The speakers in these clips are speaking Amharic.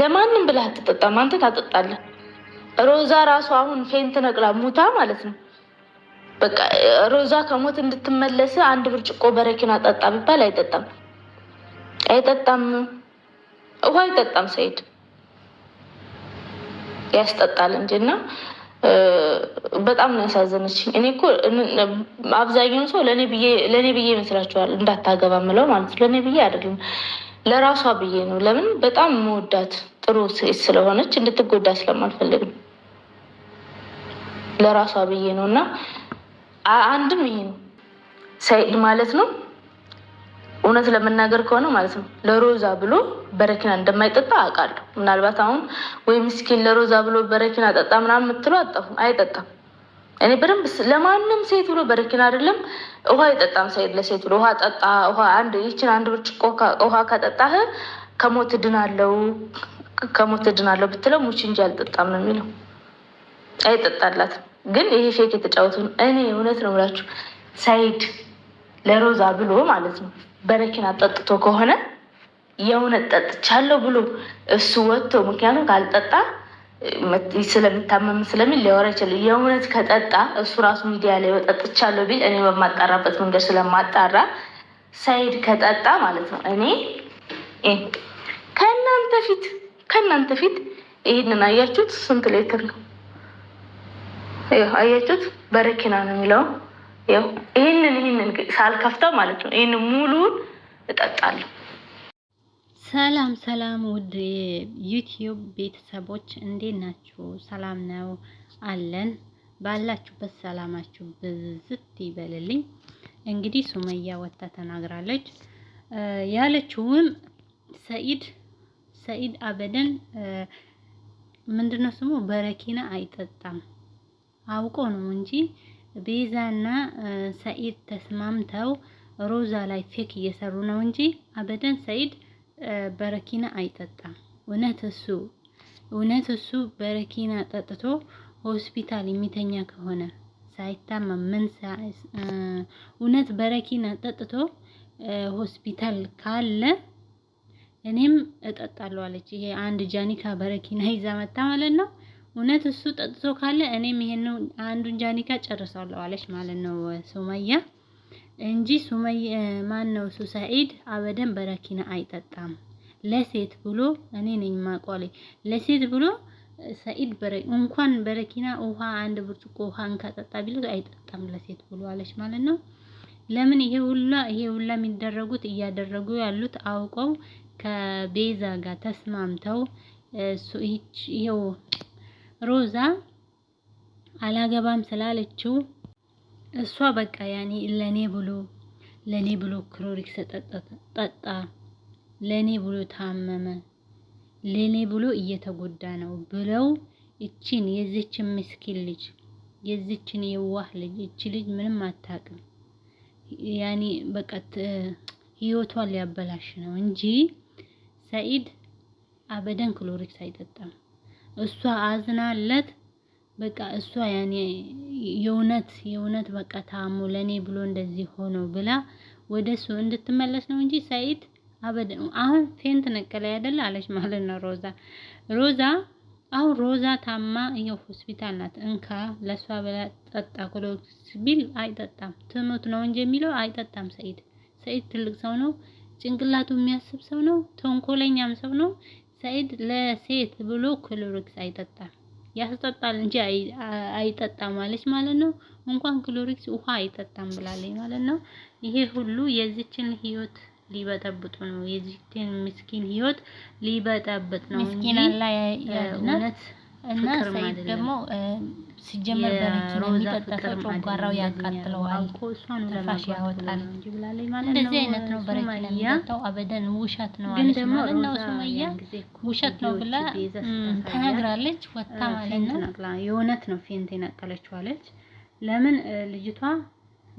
ለማንም ብለህ አትጠጣም፣ አንተ ታጠጣለህ። ሮዛ ራሱ አሁን ፌንት ነቅላ ሙታ ማለት ነው። በቃ ሮዛ ከሞት እንድትመለስ አንድ ብርጭቆ በረኪና ጠጣ ቢባል አይጠጣም፣ አይጠጣም፣ ውሃ አይጠጣም። ሰይድ ያስጠጣል እንጂ እና በጣም ነው ያሳዘነችኝ። እኔ እኮ አብዛኛውን ሰው ለእኔ ብዬ ይመስላችኋል እንዳታገባ ምለው ማለት ነው። ለእኔ ብዬ አይደለም ለራሷ ብዬ ነው። ለምን በጣም መወዳት ጥሩ ሴት ስለሆነች እንድትጎዳ ስለማልፈልግ ነው። ለራሷ ብዬ ነው እና አንድም ይሄ ነው ሰኢድ ማለት ነው። እውነት ለመናገር ከሆነ ማለት ነው ለሮዛ ብሎ በረኪና እንደማይጠጣ አውቃለሁ። ምናልባት አሁን ወይ ምስኪን ለሮዛ ብሎ በረኪና ጠጣ ምናምን የምትለው አጠፉ አይጠጣም። እኔ በደንብ ለማንም ሴት ብሎ በረኪና አይደለም ውሃ የጠጣም ሳይድ ለሴት ብሎ ውሃ ጠጣ ውሃ አንድ ይችን አንድ ብርጭቆ ውሃ ከጠጣህ ከሞት ድናለው ከሞት ድናለው ብትለው ሙች እንጂ አልጠጣም ነው የሚለው። አይጠጣላትም። ግን ይሄ ፌክ የተጫወቱ እኔ እውነት ነው ብላችሁ ሳይድ ለሮዛ ብሎ ማለት ነው በረኪና ጠጥቶ ከሆነ የእውነት ጠጥቻለሁ ብሎ እሱ ወጥቶ ምክንያቱም ካልጠጣ ስለምታመም ስለሚል ሊያወራ ይችላል። የእውነት ከጠጣ እሱ ራሱ ሚዲያ ላይ ጠጥቻለሁ ቢል እኔ በማጣራበት መንገድ ስለማጣራ ሳይድ ከጠጣ ማለት ነው እኔ ከእናንተ ፊት ከእናንተ ፊት ይህንን አያችሁት? ስንት ሌትር ነው አያችሁት? በረኪና ነው የሚለው ይህንን ይህንን ሳልከፍተው ማለት ነው ይህን ሙሉን እጠጣለሁ። ሰላም ሰላም ውድ የዩቲዩብ ቤተሰቦች እንዴት ናችሁ? ሰላም ነው አለን። ባላችሁበት ሰላማችሁ ብዝት ይበልልኝ። እንግዲህ ሱመያ ወታ ተናግራለች። ያለችውም ሰኢድ ሰኢድ አበደን ምንድነው ስሙ በረኪና አይጠጣም አውቆ ነው እንጂ ቤዛና ሰኢድ ተስማምተው ሮዛ ላይ ፌክ እየሰሩ ነው እንጂ አበደን ሰኢድ በረኪና አይጠጣም። እውነት እሱ እውነት እሱ በረኪና ጠጥቶ ሆስፒታል የሚተኛ ከሆነ ሳይታመም ምን እውነት በረኪና ጠጥቶ ሆስፒታል ካለ እኔም እጠጣለሁ አለች። ይሄ አንድ ጃኒካ በረኪና ይዛ መጣ ማለት ነው። እውነት እሱ ጠጥቶ ካለ እኔም ይሄን አንዱን ጃኒካ ጨርሳለሁ አለች ማለት ነው ሱመያ። እንጂ ሱመይ ማን ነው እሱ ሰዒድ አበደን በረኪና አይጠጣም። ለሴት ብሎ እኔ ነኝ ማቋሌ ለሴት ብሎ ሰዒድ በረ እንኳን በረኪና ውሃ አንድ ብርጭቆ ውሃ እንካጠጣ ቢሉ አይጠጣም ለሴት ብሎ አለች ማለት ነው። ለምን ይሄ ሁላ ይሄ ሁላ የሚደረጉት እያደረጉ ያሉት አውቀው ከቤዛ ጋር ተስማምተው ይኸው ሮዛ አላገባም ስላለችው እሷ በቃ ያኔ ለኔ ብሎ ለኔ ብሎ ክሎሪክስ ጠጣ፣ ለኔ ብሎ ታመመ፣ ለኔ ብሎ እየተጎዳ ነው ብለው እቺን የዚችን ምስኪን ልጅ የዚችን የዋህ ልጅ እቺ ልጅ ምንም አታውቅም። ያኔ በቃ ህይወቷን ሊያበላሽ ነው እንጂ ሰኢድ አበደን ክሎሪክስ አይጠጣም። እሷ አዝናለት በቃ እሷ ያኔ የእውነት የእውነት በቃ ታሞ ለእኔ ብሎ እንደዚህ ሆኖ ብላ ወደ እሱ እንድትመለስ ነው እንጂ ሰኢድ አበደ። አሁን ፌንት ነቀለ ያደለ አለች ማለት ነው ሮዛ ሮዛ አሁን ሮዛ ታማ ይኸው ሆስፒታል ናት። እንካ ለሷ ብላ ጠጣ ኮሎክስ ቢል አይጠጣም ትሞት ነው እንጂ የሚለው አይጠጣም። ሰኢድ ሰኢድ ትልቅ ሰው ነው፣ ጭንቅላቱ የሚያስብ ሰው ነው፣ ተንኮለኛም ሰው ነው። ሰኢድ ለሴት ብሎ ኮሎክስ አይጠጣም። ያስጠጣል እንጂ አይጠጣም አለች ማለት ነው። እንኳን ክሎሪክስ ውሃ አይጠጣም ብላለች ማለት ነው። ይሄ ሁሉ የዚችን ህይወት ሊበጠብጡ ነው። የዚችን ምስኪን ህይወት ሊበጠብጥ ነው። ምስኪን አላ እና ሰይድ ደግሞ ሲጀመር በረኪና የሚጠጣ ሰው ጨጓራው ያቃጥለዋል፣ ትንፋሽ ያወጣል። እንደዚህ አይነት ነው በረኪና የሚጠጣው። አበደን ውሸት ነው አለች ማለት ነው። ሱመያ ውሸት ነው ብላ ተናግራለች። ወጣ ማለት ነው የእውነት ነው ፌንት የነቀለችው አለች። ለምን ልጅቷ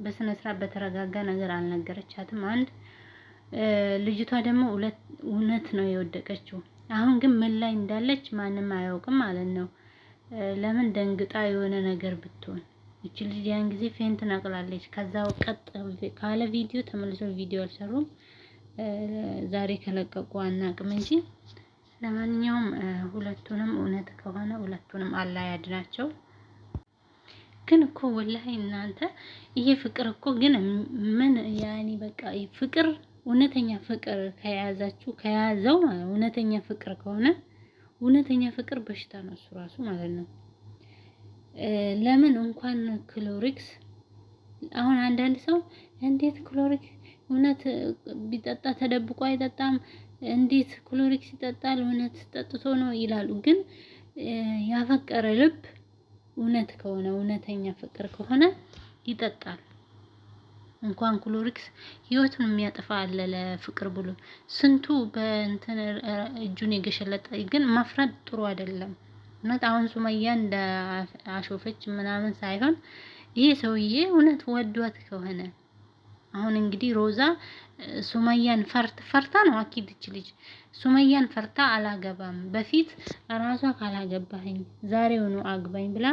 በስነ ስርዓት በተረጋጋ ነገር አልነገረቻትም? አንድ ልጅቷ ደግሞ እውነት ነው የወደቀችው አሁን ግን ምን ላይ እንዳለች ማንም አያውቅም ማለት ነው። ለምን ደንግጣ የሆነ ነገር ብትሆን እቺ ልጅ ያን ጊዜ ፌንት ናቅላለች። ከዛ ቀጥ ካለ ቪዲዮ ተመልሶ ቪዲዮ አልሰሩም። ዛሬ ከለቀቁ አናቅም እንጂ ለማንኛውም ሁለቱንም እውነት ከሆነ ሁለቱንም አላህ ያድናቸው። ግን እኮ ወላሂ እናንተ ይሄ ፍቅር እኮ ግን ምን ያኔ በቃ ፍቅር እውነተኛ ፍቅር ከያዛችሁ ከያዘው እውነተኛ ፍቅር ከሆነ እውነተኛ ፍቅር በሽታ ነው እሱ ራሱ ማለት ነው። ለምን እንኳን ክሎሪክስ አሁን አንዳንድ ሰው እንዴት ክሎሪክስ እውነት ቢጠጣ ተደብቆ አይጠጣም፣ እንዴት ክሎሪክስ ይጠጣል፣ እውነት ጠጥቶ ነው ይላሉ። ግን ያፈቀረ ልብ እውነት ከሆነ እውነተኛ ፍቅር ከሆነ ይጠጣል። እንኳን ክሎሪክስ ህይወቱን የሚያጠፋ አለ። ለፍቅር ብሎ ስንቱ በእንትን እጁን የገሸለጠ። ግን መፍረድ ጥሩ አይደለም። እውነት አሁን ሱመያ እንደ አሾፈች ምናምን ሳይሆን ይሄ ሰውዬ እውነት ወዷት ከሆነ አሁን እንግዲህ ሮዛ ሱመያን ፈርት ፈርታ ነው አኪድ ልጅ ሱመያን ፈርታ አላገባም፣ በፊት ራሷ ካላገባኝ ዛሬውኑ አግባኝ ብላ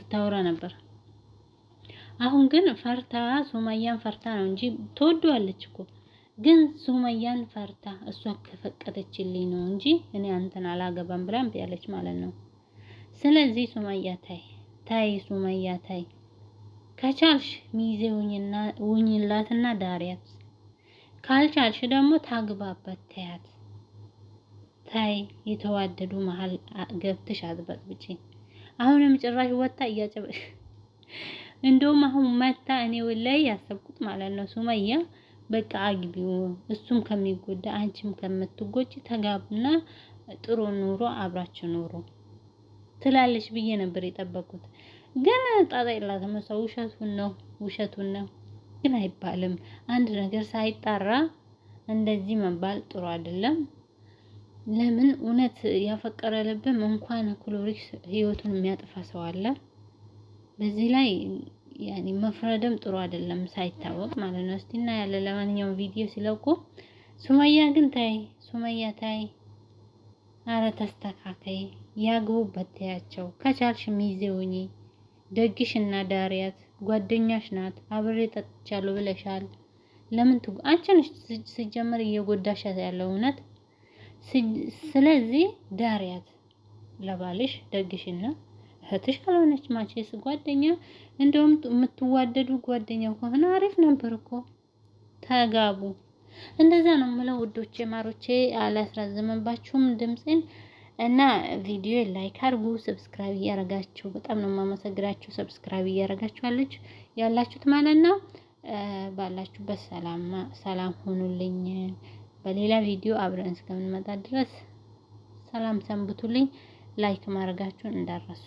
ስታወራ ነበር። አሁን ግን ፈርታ ሱመያን ፈርታ ነው እንጂ ትወደዋለች እኮ ግን ሱመያን ፈርታ እሷ ከፈቀደችልኝ ነው እንጂ እኔ አንተን አላገባም ብላም ያለች ማለት ነው። ስለዚህ ሱመያ ታይ ታይ ሱመያ ታይ ከቻልሽ ሚዜ ውኝላትና ዳሪያት፣ ካልቻልሽ ደግሞ ታግባበት ታያት። ታይ የተዋደዱ መሀል ገብተሽ አጥበጥብጪ። አሁንም ጭራሽ ወጣ እያጨበ እንደውም አሁን መታ እኔ ላይ ያሰብኩት ማለት ነው ሱመያ በቃ አግቢው እሱም ከሚጎዳ አንቺም ከምትጎጂ ተጋቡና ጥሩ ኑሮ አብራችሁ ኑሮ ትላለች ብዬ ነበር የጠበቁት ግን ጣጣ የላትም እሷ ውሸቱን ነው ውሸቱን ነው ግን አይባልም። አንድ ነገር ሳይጣራ እንደዚህ መባል ጥሩ አይደለም። ለምን እውነት ያፈቀረ ልብም እንኳን ክሎሪክስ ህይወቱን የሚያጠፋ ሰው አለ በዚህ ላይ ያኔ መፍረድም ጥሩ አይደለም፣ ሳይታወቅ ማለት ነው። እስቲ እና ያለ ለማንኛውም ቪዲዮ ሲለቁ ሱመያ ግን ታይ ሱመያ ታይ፣ አረ ተስተካከይ፣ ያግቡበት፣ ተያቸው፣ ከቻልሽ ሚዜውኝ ደግሽ እና ዳሪያት ጓደኛሽ ናት፣ አብሬ ጠጥቻለሁ ብለሻል። ለምን ትጉ አንቺን ሲጀመር እየጎዳሻት ያለው እውነት። ስለዚህ ዳሪያት ለባልሽ ደግሽና እህትሽ አልሆነች ማቼስ ጓደኛ፣ እንደውም የምትዋደዱ ጓደኛ ከሆነ አሪፍ ነበር እኮ ተጋቡ። እንደዛ ነው የምለው ውዶቼ ማሮቼ። አላስራዘመባችሁም ድምፄን እና ቪዲዮ ላይክ አድርጉ፣ ሰብስክራይብ እያረጋችሁ በጣም ነው የማመሰግናችሁ። ሰብስክራይብ እያረጋችኋለች ያላችሁት ማለት ነው። ባላችሁበት ሰላም ሰላም ሆኑልኝ። በሌላ ቪዲዮ አብረን እስከምንመጣ ድረስ ሰላም ሰንብቱልኝ። ላይክ ማድረጋችሁን እንዳረሱ